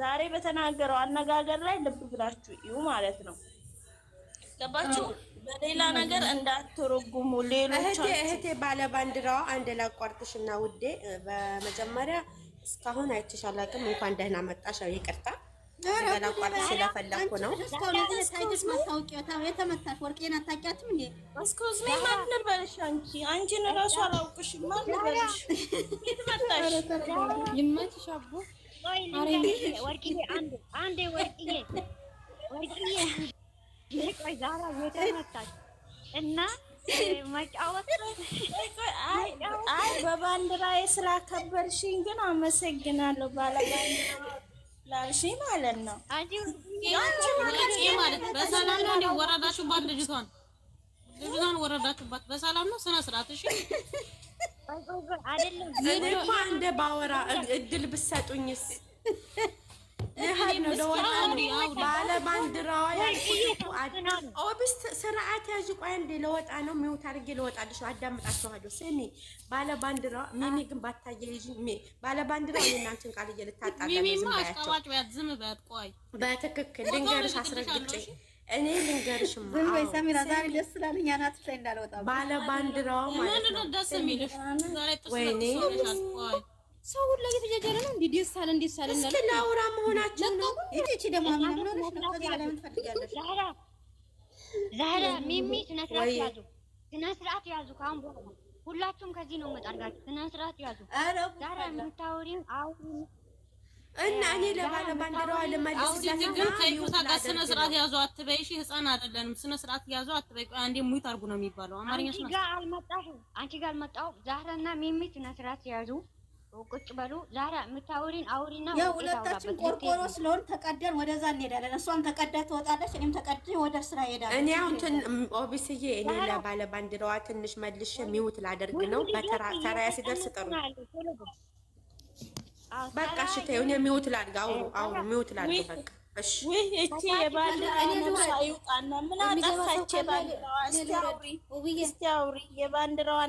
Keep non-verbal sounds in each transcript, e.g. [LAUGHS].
ዛሬ በተናገረው አነጋገር ላይ ልብ ብላችሁ እዩ ማለት ነው። ገባችሁ? በሌላ ነገር እንዳትረጉሙ። ሌሎች እህቴ ባለ ባንዲራዋ አንድ እና ውዴ፣ በመጀመሪያ እስካሁን አይቼሽ አላውቅም። እንኳን ደህና መጣሽ። ይቅርታ ላቋርጥሽ ስለፈለኩ ነው። የተመታሽ ወርቄን አታውቂያትም እንዴ? ማን ልበልሽ? አንቺ አንቺን አላውቅሽም። ማን ልበልሽ? አቦ እና መጫወት አይ በባንዲራዬ ስላከበርሽኝ ግን አመሰግናለሁ። ባለባንዲራ ላልሽኝ ማለት ነው። በሰላም ነው ወረዳችሁባት ልጅቷን ልጅቷን ወረዳችሁባት በሰላም ነው ስነ ስርዓት እሺ እኔ እኮ እንደ ባወራ እድል ብትሰጡኝስ ባለባንዲራዋ ኦብስት ስርዓት ያዥ። ቆይ እንደ ለወጣ ነው ሚውት አድርጌ ለወጣልሽ አዳምጣችኋለሁ። ስሚ ባለባንዲራዋ ሚሚ ግን ባታየ ልጅ ባለባንዲራዋ የእናንተን ቃል እየልታጣ ዝም በያቸው በትክክል ልንገርሽ አስረግጬ እኔ ልንገርሽም ወይ ሰሚራ ዛሬ ደስ ስላለኝ አናትሽ ላይ እንዳልወጣ ባለ ባንዲራው ማለት ነው። ደስ የሚልሽ ወይኔ ሰው ሁላ እየተጃጃለ ነው። እንዲ ደስ አለ እንዴ? ሳለ እንዴ? እስኪ ላውራ መሆናቸው ነው። እቺ ደግሞ ምን ነው ነው ነው ከዚህ ዓለም ትፈልጋለሽ። ዛሬ ሚሚ ስነ ስርዓት ያዙ፣ ስነ ስርዓት ያዙ። ካሁን በኋላ ሁላችሁም ከዚህ ነው መጣልጋችሁ። ስነ ስርዓት ያዙ። ዛራ የምታወሪው አሁን እና እኔ ለባለ ባንዲራዋ ለማድረስ ግን ጋር ስነ ስርዓት ያዙ አትበይ። እሺ ህፃን አይደለንም። ስነ ስርዓት ያዙ አትበይ። አንዴ ሙይት አርጉ ነው የሚባለው አማርኛ። ስነ ስርዓት አልመጣሁም፣ አንቺ ጋር አልመጣሁም። ዛህራና ሚሚ ስነ ስርዓት ያዙ፣ ቁጭ በሉ። ዛህራ የምታወሪን አውሪና ያው ሁለታችን ቆርቆሮ ስለሆን ተቀደን ወደዛ እንሄዳለን። እሷም ተቀዳ ትወጣለች፣ እኔም ወደ ስራ እኔ አሁን ኦቢስዬ እኔ ለባለ ባንዲራዋ ትንሽ ሚውት ላደርግ ነው። በተራ ሲደርስ በቃ እሺ ተይው። እኔ ሚውት ላድርግ። አውሩ አውሩ፣ ሚውት ላድርግ። በቃ እቺ የባንዲራዋ? እስቲ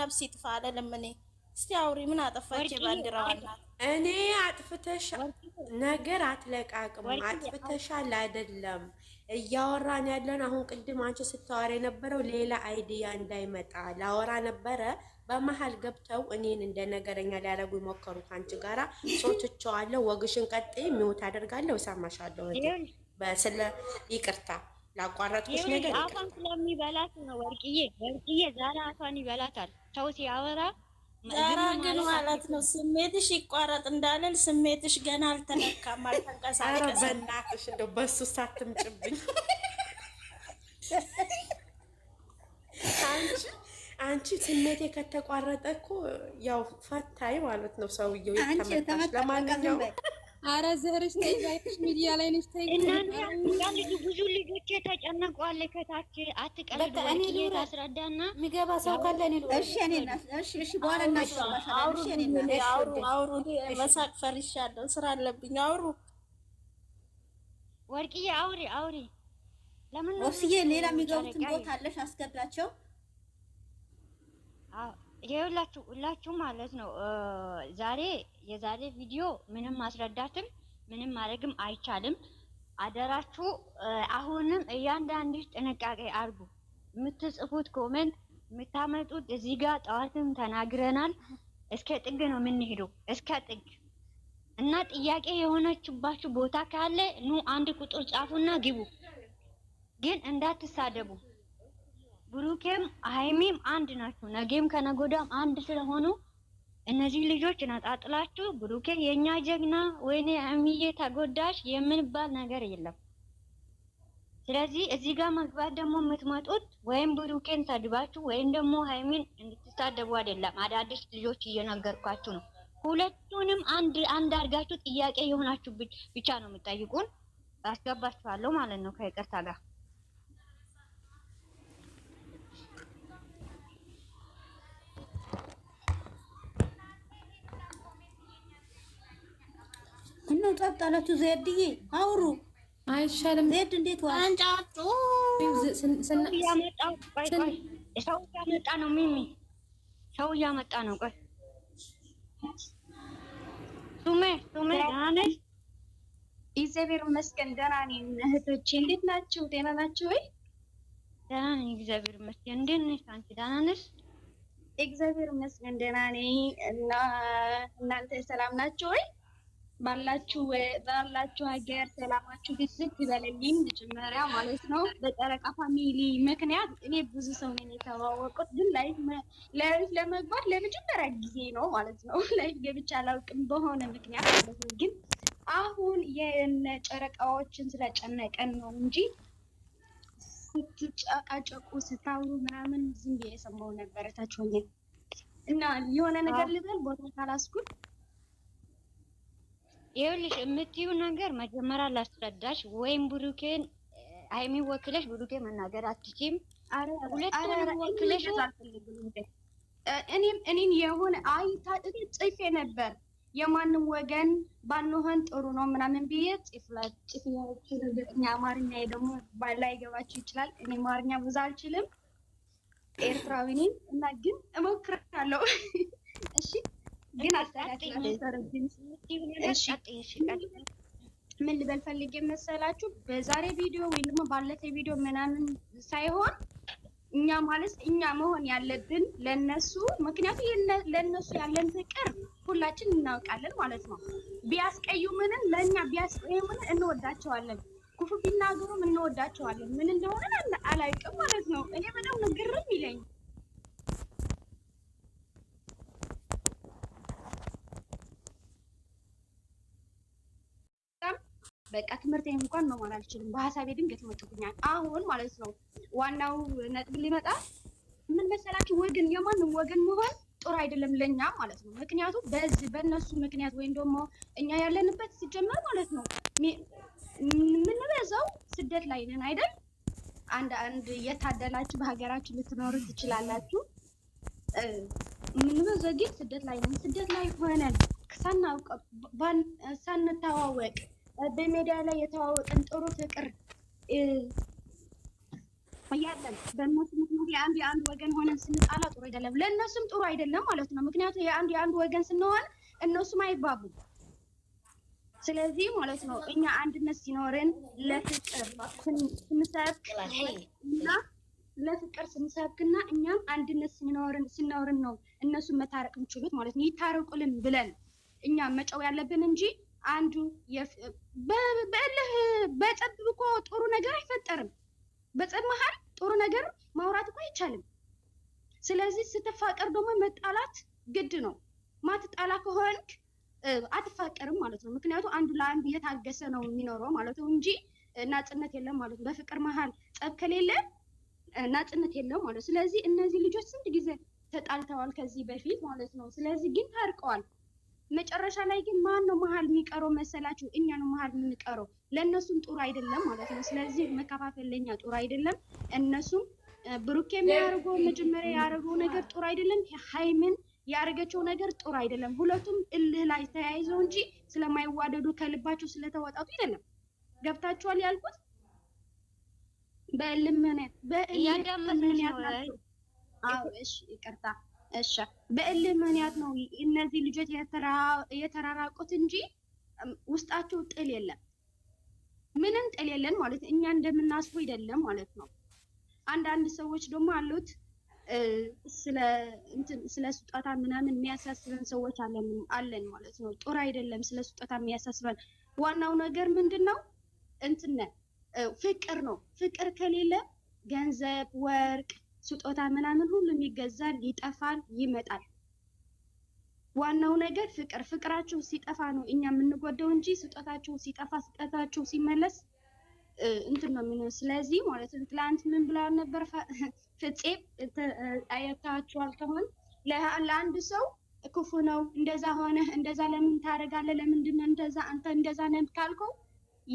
ነፍስ ይጥፋ አልልም እኔ። እስቲ አውሪ፣ ምን አጠፋች የባንዲራዋ እኔ አጥፍተሽ ነገር አትለቃቅም። አጥፍተሻል አይደለም እያወራን ያለን አሁን። ቅድም አንቺ ስታወራ የነበረው ሌላ አይዲያ እንዳይመጣ ላወራ ነበረ በመሀል ገብተው እኔን እንደ ነገረኛ ሊያደርጉ ይሞከሩ። ከአንቺ ጋራ ሶትቸዋለሁ። ወግሽን ቀጥ ሚውት አደርጋለሁ፣ እሰማሻለሁ። በስለ ይቅርታ ላቋረጥኩሽ ነገር አፏን ስለሚበላት ነው። ወርቅዬ ወርቅዬ ዛሬ አፏን ይበላታል። ተው ሲያወራ ዛራ ግን ማለት ነው ስሜትሽ ይቋረጥ እንዳለን ስሜትሽ ገና አልተነካም፣ [LAUGHS] አልተንቀሳቀሰ። በእናትሽ እንደው በሱ ሳትምጭብኝ አንቺ ስሜቴ ከተቋረጠ እኮ ያው ፈታይ ማለት ነው ሰውየው የተመታሽ። አረ ዘርሽ ነይ ሚዲያ ላይ ነሽ ተይ። ብዙ ልጆች ተጨነቋል። ከታች አትቀልድ ወይ ታስረዳና ሰው ካለ እኔ ልወ ወርቅዬ፣ አውሪ አውሪ። ለምን ወስዬ ሌላ የሚገቡትን ቦታ አለሽ አስገባቸው ይኸውላችሁ ሁላችሁ ማለት ነው። ዛሬ የዛሬ ቪዲዮ ምንም ማስረዳትም ምንም ማድረግም አይቻልም። አደራችሁ አሁንም እያንዳንድሽ ጥንቃቄ አርጉ የምትጽፉት ኮሜንት የምታመጡት እዚህ ጋር ጠዋትም ተናግረናል። እስከ ጥግ ነው የምንሄደው፣ እስከ ጥግ እና ጥያቄ የሆነችባችሁ ቦታ ካለ ኑ አንድ ቁጥር ጻፉና ግቡ፣ ግን እንዳትሳደቡ። ብሩኬም ሀይሚም አንድ ናቸው ነገም ከነጎዳም አንድ ስለሆኑ እነዚህ ልጆች ነጣጥላችሁ ብሩኬ የኛ ጀግና ወይኔ አሚዬ ተጎዳሽ የምንባል ነገር የለም። ስለዚህ እዚህ ጋር መግባት ደግሞ የምትመጡት ወይም ብሩኬን ሰድባችሁ ወይም ደግሞ ሀይሚን እንድትሳደቡ አይደለም። አዳዲስ ልጆች እየነገርኳችሁ ነው። ሁለቱንም አንድ አንድ አድርጋችሁ ጥያቄ የሆናችሁ ብቻ ነው የምጠይቁን። አስገባችኋለሁ ማለት ነው ከይቅርታ ጋር ምነው ጠብ ጣላችሁ? ዘድዬ አውሩ አይሻልም? ዘድ እንዴት ዋል አንጫጩ ሰው እያመጣ ነው። ሚሚ ሰው እያመጣ ነው። ቆይ ሱሜ ሱሜ ደህና እግዚአብሔር ይመስገን ደህና ነኝ። እህቶቼ እንዴት ናችሁ? ደህና ናችሁ ወይ? ደህና ነኝ እግዚአብሔር ይመስገን። እንዴት ነሽ አንቺ? ደህና ነሽ? እግዚአብሔር ይመስገን ደህና ነኝ። እና እናንተ ሰላም ናችሁ ወይ? ባላችሁ ባላችሁ ሀገር ሰላማችሁ ግዝት ይበልልኝ። መጀመሪያ ማለት ነው በጨረቃ ፋሚሊ ምክንያት እኔ ብዙ ሰው ነው የተዋወቁት፣ ግን ላይፍ ለመግባት ለመጀመሪያ ጊዜ ነው ማለት ነው። [LAUGHS] ላይፍ ገብቼ አላውቅም በሆነ ምክንያት ማለት ነው። ግን አሁን የነ ጨረቃዎችን ስለጨነቀን ነው እንጂ ስትጨቃጨቁ ስታውሩ ምናምን ዝም ብዬ የሰማው ነበረ ነበረታችሁኝ እና የሆነ ነገር ልበል ቦታ ካላስኩት ይኸውልሽ የምትዩ ነገር መጀመሪያ ላስረዳሽ፣ ወይም ብሩኬን ሀይሚ ወክለሽ ብሩኬ መናገር አትችም። ሁለቱንም ወክለሽ እኔም እኔን የሆነ አይ ጽፌ ነበር የማንም ወገን ባንሆን ጥሩ ነው ምናምን ብዬ ጽፍላችሁ እኛ አማርኛ ደግሞ ባላ ላይገባችሁ ይችላል። እኔ አማርኛ ብዙ አልችልም ኤርትራዊ እና ግን እሞክራለሁ። [LAUGHS] እሺ ምን ልበል ፈልጌ መሰላችሁ በዛሬ ቪዲዮ ወይም ደግሞ ባለፈ ቪዲዮ ምናምን ሳይሆን እኛ ማለት እኛ መሆን ያለብን ለነሱ፣ ምክንያቱም ለነሱ ያለን ፍቅር ሁላችን እናውቃለን ማለት ነው። ቢያስቀዩምንም ለእኛ ቢያስቀዩምን እንወዳቸዋለን። ክፉ ቢናገሩም እንወዳቸዋለን። ምን እንደሆነ አላውቅም ማለት ነው። እኔ ምንም ግርም ይለኝ በቃ ትምህርቴን እንኳን መማር አልችልም። በሀሳቤ ድንገት ይወጥብኛል። አሁን ማለት ነው ዋናው ነጥብ ሊመጣ ምን መሰላችሁ፣ ወገን የማንም ወገን መሆን ጥሩ አይደለም ለእኛ ማለት ነው። ምክንያቱም በዚህ በእነሱ ምክንያት ወይም ደግሞ እኛ ያለንበት ሲጀመር ማለት ነው የምንበዛው ስደት ላይ ነን አይደል? አንድ አንድ የታደላችሁ በሀገራችሁ ልትኖሩ ትችላላችሁ። የምንበዛው ግን ስደት ላይ ነን። ስደት ላይ ሆነን ሳናውቅ ሳንተዋወቅ በሜዳ ላይ የተዋወቅን ጥሩ ፍቅር እያለን በእነሱ ምክንያት የአንድ የአንድ ወገን ሆነን ስንጣላ ጥሩ አይደለም፣ ለእነሱም ጥሩ አይደለም ማለት ነው። ምክንያቱም የአንድ የአንድ ወገን ስንሆን እነሱም አይባቡም። ስለዚህ ማለት ነው እኛ አንድነት ሲኖርን ለፍቅር ስንሰብክ እና ለፍቅር ስንሰብክና እኛም አንድነት ሲኖርን ሲኖርን ነው እነሱን መታረቅ የሚችሉት ማለት ነው። ይታረቁልን ብለን እኛ መጨው ያለብን እንጂ አንዱ በእልህ በጸብ እኮ ጥሩ ነገር አይፈጠርም። በጸብ መሀል ጥሩ ነገር ማውራት እኮ አይቻልም። ስለዚህ ስትፋቀር ደግሞ መጣላት ግድ ነው። ማትጣላ ከሆንክ አትፋቀርም ማለት ነው። ምክንያቱም አንዱ ለአንዱ እየታገሰ ነው የሚኖረው ማለት ነው እንጂ ናጽነት የለም ማለት ነው። በፍቅር መሀል ጸብ ከሌለ ናጽነት የለም ማለት ነው። ስለዚህ እነዚህ ልጆች ስንት ጊዜ ተጣልተዋል ከዚህ በፊት ማለት ነው። ስለዚህ ግን ታርቀዋል። መጨረሻ ላይ ግን ማን ነው መሀል የሚቀረው መሰላችሁ? እኛ ነው መሀል የምንቀረው። ለእነሱም ጥሩ አይደለም ማለት ነው። ስለዚህ መከፋፈል ለእኛ ጥሩ አይደለም። እነሱም ብሩክ የሚያደርገው መጀመሪያ ያደረገው ነገር ጥሩ አይደለም። ሀይምን ያደረገችው ነገር ጥሩ አይደለም። ሁለቱም እልህ ላይ ተያይዘው እንጂ ስለማይዋደዱ ከልባቸው ስለተወጣቱ አይደለም። ገብታችኋል ያልኩት በልምነት በእያዳመት ምክንያት አዎ እሺ ይቅርታ እሺ በእልህ ምክንያት ነው እነዚህ ልጆች የተራራቁት እንጂ ውስጣቸው ጥል የለም፣ ምንም ጥል የለን ማለት እኛ እንደምናስቡ አይደለም ማለት ነው። አንዳንድ ሰዎች ደግሞ አሉት ስለ እንትን ስለ ስጦታ ምናምን የሚያሳስበን ሰዎች አለን ማለት ነው። ጦር አይደለም ስለ ስጦታ የሚያሳስበን ዋናው ነገር ምንድን ነው? እንትነ ፍቅር ነው። ፍቅር ከሌለ ገንዘብ፣ ወርቅ ስጦታ ምናምን ሁሉም ይገዛል፣ ይጠፋል፣ ይመጣል። ዋናው ነገር ፍቅር። ፍቅራችሁ ሲጠፋ ነው እኛ የምንጎደው እንጂ ስጦታችሁ ሲጠፋ ስጦታችሁ ሲመለስ እንትን ነው የሚሆነው። ስለዚህ ማለት ነው ትላንት ምን ብለዋል ነበር [LAUGHS] ፍፄ አየታችኋል ከሆን ለአንድ ሰው ክፉ ነው እንደዛ ሆነ እንደዛ ለምን ታደርጋለህ? ለምንድን ነው እንደዛ አንተ እንደዛ ነህ ካልከው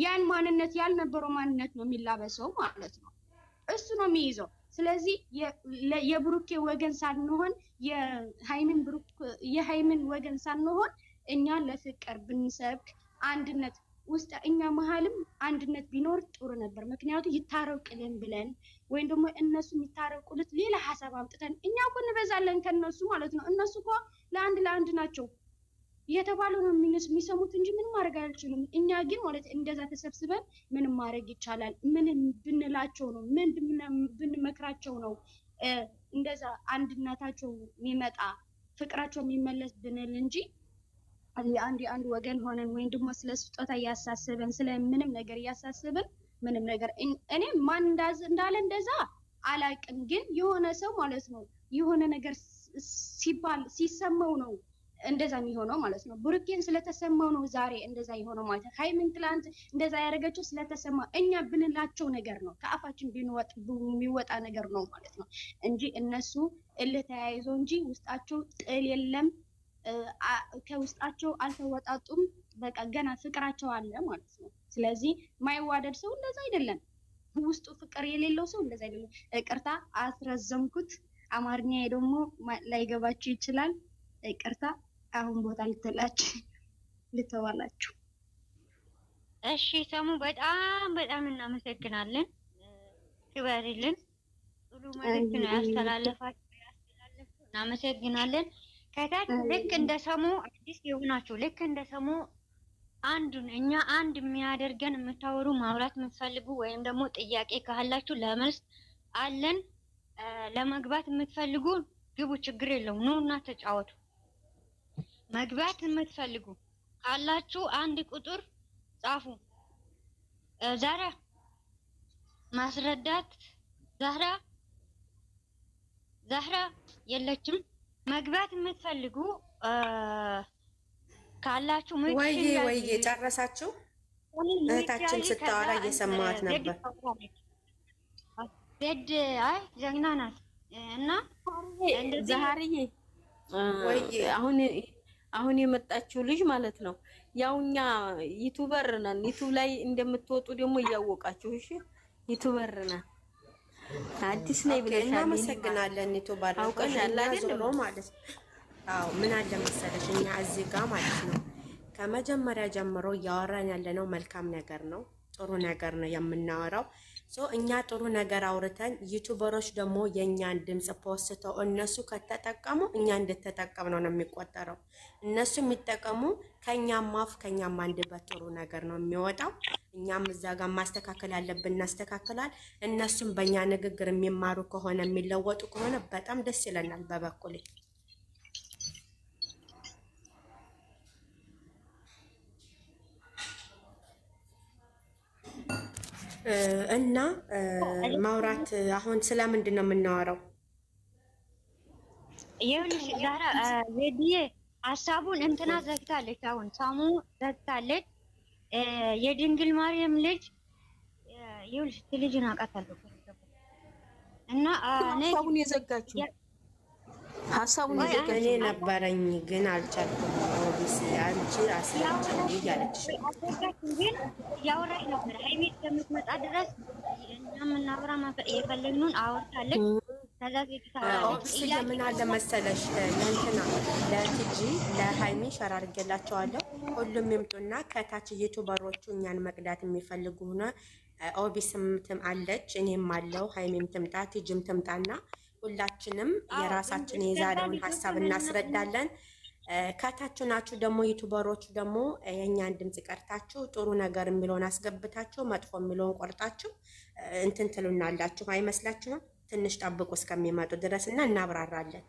ያን ማንነት ያልነበረው ማንነት ነው የሚላበሰው ማለት ነው። እሱ ነው የሚይዘው ስለዚህ የብሩኬ ወገን ሳንሆን የሃይምን ወገን ሳንሆን እኛ ለፍቅር ብንሰብክ አንድነት ውስጥ እኛ መሀልም አንድነት ቢኖር ጥሩ ነበር። ምክንያቱም ይታረቁልን ብለን ወይም ደግሞ እነሱ የሚታረቁለት ሌላ ሀሳብ አምጥተን እኛ እኮ እንበዛለን ከነሱ ማለት ነው። እነሱ እኮ ለአንድ ለአንድ ናቸው። የተባለው ነው የሚሰሙት እንጂ ምንም ማድረግ አልችሉም። እኛ ግን ማለት እንደዛ ተሰብስበን ምን ማድረግ ይቻላል፣ ምን ብንላቸው ነው፣ ምን ብንመክራቸው ነው እንደዛ አንድነታቸው የሚመጣ ፍቅራቸው የሚመለስ ብንል እንጂ አንድ የአንድ ወገን ሆነን ወይም ደግሞ ስለ ስጦታ እያሳስበን ምንም ነገር እያሳስብን ምንም ነገር እኔ ማን እንዳለ እንደዛ አላውቅም፣ ግን የሆነ ሰው ማለት ነው የሆነ ነገር ሲባል ሲሰማው ነው እንደዛ የሚሆነው ማለት ነው። ብሩኬን ስለተሰማው ነው ዛሬ እንደዛ የሆነው ማለት ነው። ሃይሚን ትላንት እንደዛ ያደረገችው ስለተሰማ እኛ ብንላቸው ነገር ነው ከአፋችን የሚወጣ ነገር ነው ማለት ነው እንጂ እነሱ እልህ ተያይዞ እንጂ ውስጣቸው ጥል የለም። ከውስጣቸው አልተወጣጡም። በቃ ገና ፍቅራቸው አለ ማለት ነው። ስለዚህ ማይዋደድ ሰው እንደዛ አይደለም። ውስጡ ፍቅር የሌለው ሰው እንደዛ አይደለም። እቅርታ አስረዘምኩት። አማርኛ ደግሞ ላይገባችሁ ይችላል። ይቅርታ። አሁን ቦታ ልትላች ልተዋላችሁ። እሺ ሰሙ በጣም በጣም እናመሰግናለን። ክበሪልን። ጥሩ መልዕክት ነው ያስተላለፋችሁ ያስተላለፍኩ እናመሰግናለን። ከታች ልክ እንደ ሰሙ አዲስ የሆናችሁ ልክ እንደ ሰሙ አንዱን እኛ አንድ የሚያደርገን የምታወሩ ማውራት የምትፈልጉ ወይም ደግሞ ጥያቄ ካላችሁ ለመልስ አለን። ለመግባት የምትፈልጉ ግቡ፣ ችግር የለውም። ኑ እና ተጫወቱ። መግባት የምትፈልጉ ካላችሁ አንድ ቁጥር ጻፉ። ዛራ ማስረዳት ዛራ ዛራ የለችም። መግባት የምትፈልጉ ካላችሁ ወይ ወይ ጨረሳችሁ። እህታችን ስታወራ እየሰማት ነበር። ዜድ አይ ጀግና ናት እና ዛህርዬ አሁን አሁን የመጣችው ልጅ ማለት ነው። ያው እኛ ዩቱበር ነን። ዩቱብ ላይ እንደምትወጡ ደግሞ እያወቃችሁ እሺ። ዩቱበር ነን። አዲስ ነኝ ብለሻል። እናመሰግናለን። ዩቱብ አውቀሻል አይደል ማለት አዎ። ምን አለ መሰለሽ እኛ እዚህ ጋር ማለት ነው ከመጀመሪያ ጀምሮ እያወራን ያለነው መልካም ነገር ነው፣ ጥሩ ነገር ነው የምናወራው እኛ ጥሩ ነገር አውርተን ዩቱበሮች ደግሞ የእኛን ድምፅ ፖስተው እነሱ ከተጠቀሙ እኛ እንደተጠቀም ነው ነው የሚቆጠረው። እነሱ የሚጠቀሙ ከእኛም አፍ ከእኛም አንደበት ጥሩ ነገር ነው የሚወጣው። እኛም እዛ ጋር ማስተካከል ያለብን እናስተካክላል። እነሱም በእኛ ንግግር የሚማሩ ከሆነ የሚለወጡ ከሆነ በጣም ደስ ይለናል በበኩሌ እና ማውራት አሁን ስለምንድን ነው የምናወራው? ይኸውልሽ ዛራ ዜድዬ ሀሳቡን እንትና ዘግታለች። አሁን ሳሙ ዘግታለች። የድንግል ማርያም ልጅ ይኸውልሽ ልጅን አውቃታለሁ እና ሀሳቡን የዘጋችው ሀሳቡን የዘጋችው እኔ ነበረኝ ግን አልቻልኩም። ወይስ አንቺ ራስሽ እያለችሽ ያወራሽ ነበር። ሀይሜ እስከምትመጣ ድረስ እኛም እናብራ የፈለግነውን አወርታለች። ምን አለ መሰለሽ ለእንትና ለትጂ ለሀይሚ ሸራ አድርጌላቸዋለሁ። ሁሉም ይምጡና ከታች ዩቱበሮቹ እኛን መቅዳት የሚፈልጉ ሆነ ኦቢስም አለች፣ እኔም አለው፣ ሀይሚም ትምጣ፣ ትጂም ትምጣና ሁላችንም የራሳችን የዛሬውን ሀሳብ እናስረዳለን። ከታችሁ ናችሁ ደግሞ ዩቱበሮቹ ደግሞ የእኛን ድምፅ ቀርታችሁ ጥሩ ነገር የሚለውን አስገብታችሁ መጥፎ የሚለውን ቆርጣችሁ እንትን ትሉናላችሁ። አይመስላችሁም? ትንሽ ጠብቁ እስከሚመጡ ድረስ እና እናብራራለን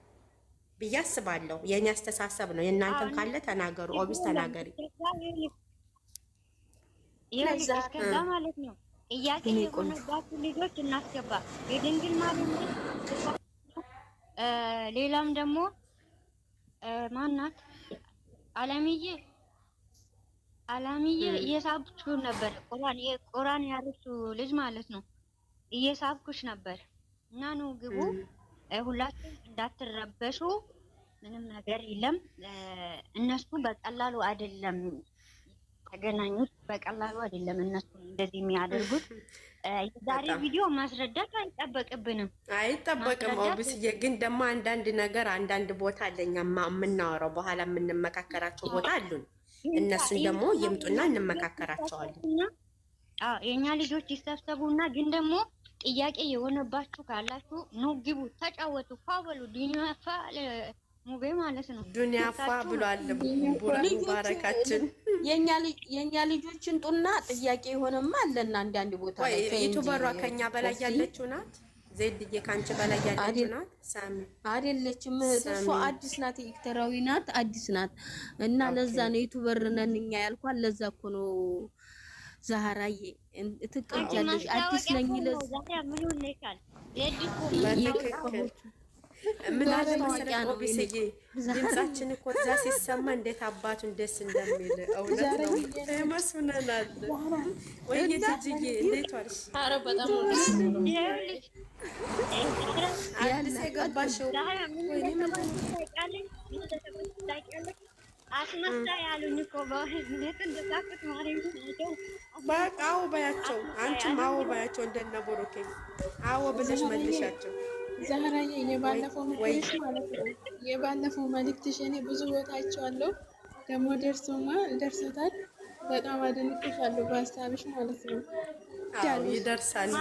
ብዬ አስባለሁ። የእኔ አስተሳሰብ ነው። የእናንተም ካለ ተናገሩ። ኦቢስ ተናገሪ ልጆች እናስገባ የድንግል ማርያም ሌላም ደግሞ ማናት አለምዬ አለምዬ እየሳብኩሽ ነበር። ቁርአን የቁርአን ያርሱ ልጅ ማለት ነው። እየሳብኩሽ ነበር እና ነው ግቡ ሁላችሁ እንዳትረበሹ። ምንም ነገር የለም። እነሱ በቀላሉ አይደለም ተገናኙት፣ በቀላሉ አይደለም እነሱ እንደዚህ የሚያደርጉት የዛሬ ቪዲዮ ማስረዳት አይጠበቅብንም አይጠበቅም። ኦብስዬ ግን ደግሞ አንዳንድ ነገር አንዳንድ ቦታ አለኛ የምናወራው በኋላ የምንመካከራቸው ቦታ አሉን። እነሱን ደግሞ ይምጡና እንመካከራቸዋለን። የእኛ ልጆች ይሰብሰቡና ግን ደግሞ ጥያቄ የሆነባችሁ ካላችሁ ኑ ግቡ፣ ተጫወቱ፣ ፋወሉ ዲኒፋ ሙቤ ማለት ነው። ዱንያፋ ብሏል። ሙባረካችን የእኛ ልጆችን ጡና ጥያቄ የሆነማ አለና አንዳንድ ቦታ ላይ ዩቱበሯ ከኛ በላይ ያለችው ናት። ዜድዬ ከአንቺ በላይ ያለችው ናት። ሳሚ አይደለችም። እሷ አዲስ ናት፣ ኤክተራዊ ናት፣ አዲስ ናት። እና ለዛ ነው ዩቱበር ነን እኛ ያልኳት። ለዛ እኮ ነው ዛህራዬ ትቀጃለሽ። አዲስ ነኝ ለዛ ምን አለ ድምጻችን እኮ እዛ ሲሰማ እንዴት አባቱን ደስ እንደሚል እውነት ነው። መስምነናል ወይ ትጅዬ፣ እንዴት ዋልሽ? አዲስ የገባሽው በቃ አዎ በያቸው፣ አንቺም አዎ በያቸው። እንደነ ቦሮኬ አዎ ብለሽ መልሻቸው። ዛህራዬ የባለፈው ምክንያት ማለት ነው የባለፈው መልእክትሽ እኔ ብዙ ቦታቸዋለሁ ደግሞ ደርሶማ ደርሶታል። በጣም አደንቅሻለሁ በሀሳብሽ ማለት ነው። ይደርሳል።